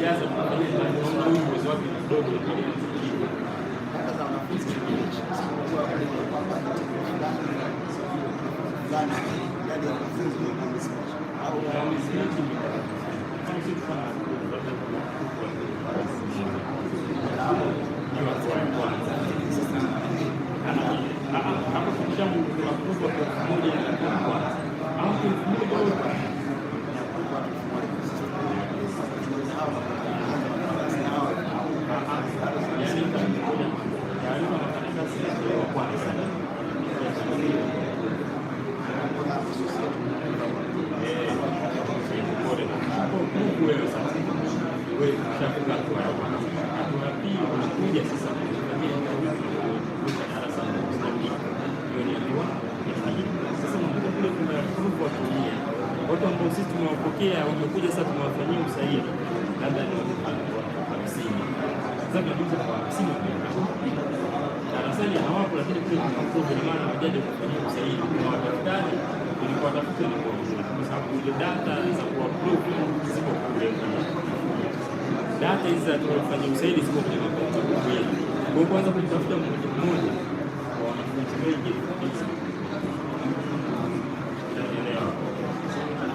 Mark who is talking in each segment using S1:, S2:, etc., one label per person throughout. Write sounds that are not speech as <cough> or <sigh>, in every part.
S1: kujaza uwezo wake ni mdogo. watu ambao sisi tumewapokea wamekuja sasa, tumewafanyia usahihi labda ni hamsini sasa, tunajuza kwa hamsini darasani hawapo, lakini kule maana wajaje kufanyia ilikuwa tafuta ni kwa sababu ile data za ziko kule, data hizi za kufanya ziko kwenye kwa kwanza kutafuta mmoja mmoja kwa wanafunzi wengi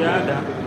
S1: ya ada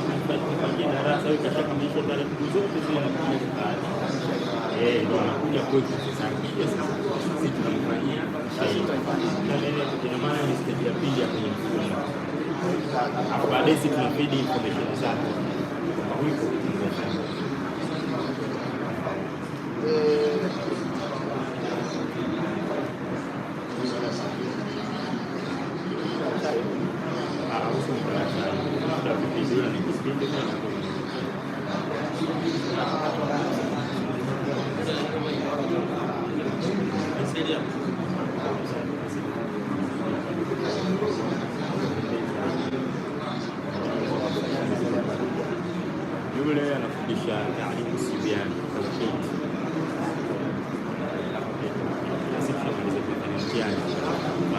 S1: kwenye darasa au katika maisha taratibu zote zile nakuja kukali ndo anakuja kwetu sasa. Sisi tunamfanyia ina maana ni step ya pili ya kwenye mfumo, baadaye sisi tunafidi information zake Yule anafundisha taalimu Sibiani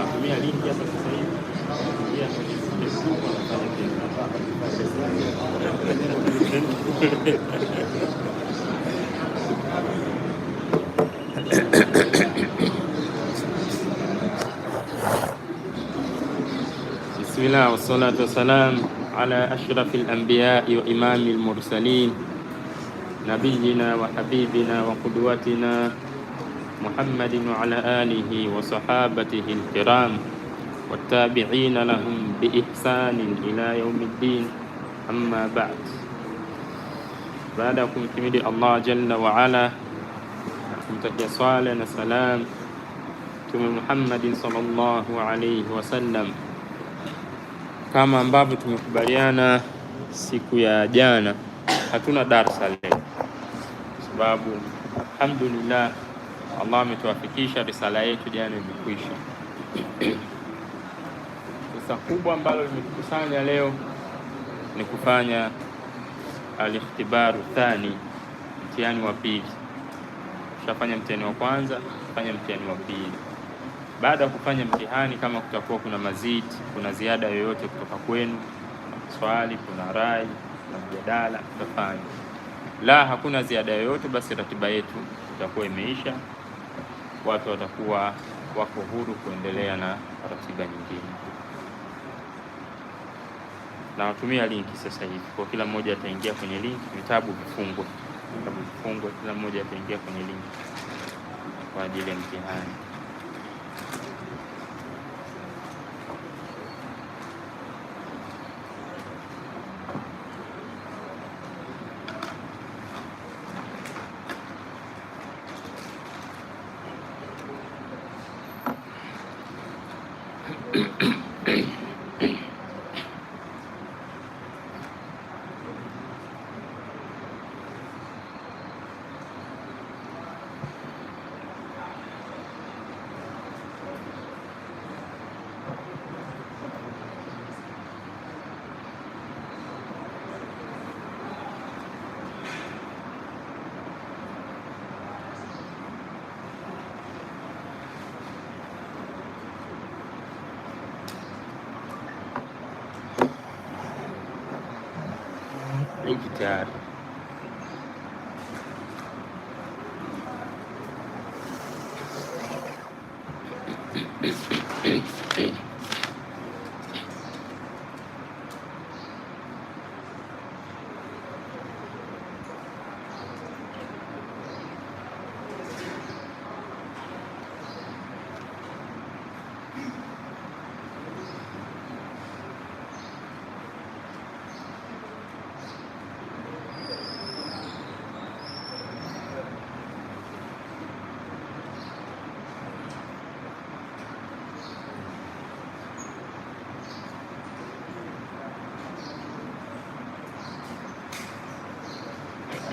S1: akumia lingi hapa sasa hivi. بسم الله والصلاة والسلام على أشرف الأنبياء وإمام المرسلين نبينا وحبيبنا وقدوتنا محمد وعلى آله وصحابته الكرام watabiina lahum biihsanin ila yaumi ddin, amma ba'd. Baada ya kumhimidi Allah jalla waala na kumtakia swala na salam Mtume Muhammadin sallallahu alaihi wasallam, kama ambavyo tumekubaliana siku ya jana, hatuna darsa leo kwa sababu alhamdulillah Allah ametuafikisha risala yetu jana imekwisha kanisa kubwa ambalo limetukusanya leo ni kufanya alikhtibaru thani, mtihani wa pili. ushafanya mtihani wa kwanza, fanya mtihani wa pili. Baada ya kufanya mtihani, kama kutakuwa kuna mazidi, kuna ziada yoyote kutoka kwenu, kuna swali, kuna rai, kuna mjadala, tutafanya. La, hakuna ziada yoyote, basi ratiba yetu itakuwa imeisha, watu watakuwa wako huru kuendelea na ratiba nyingine na watumia linki sasa hivi, kwa kila mmoja ataingia kwenye linki, vitabu vifungwe, vitabu vifungwe, kila mmoja ataingia kwenye linki kwa ajili ya mtihani. <clears throat> Thank you, Dad.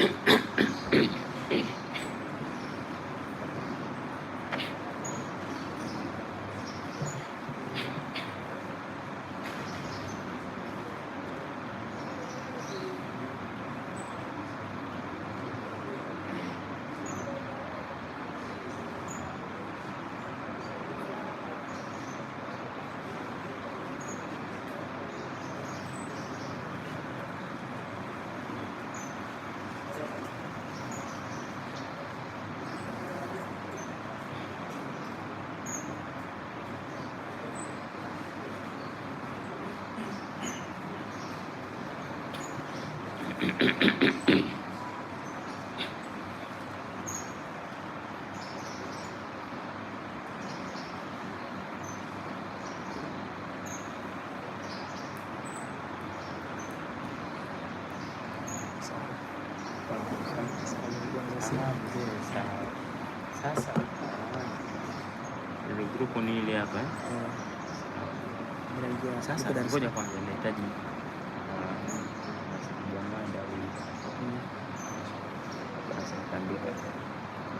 S2: Thank you. <coughs>
S3: grupo ni ile hapa eh? Ya. Sasa ngoja kwanza nahitaji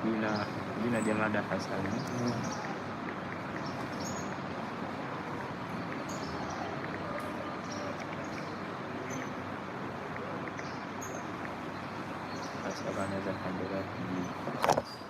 S3: bila bila dia ada pasal ni hmm. pasal mana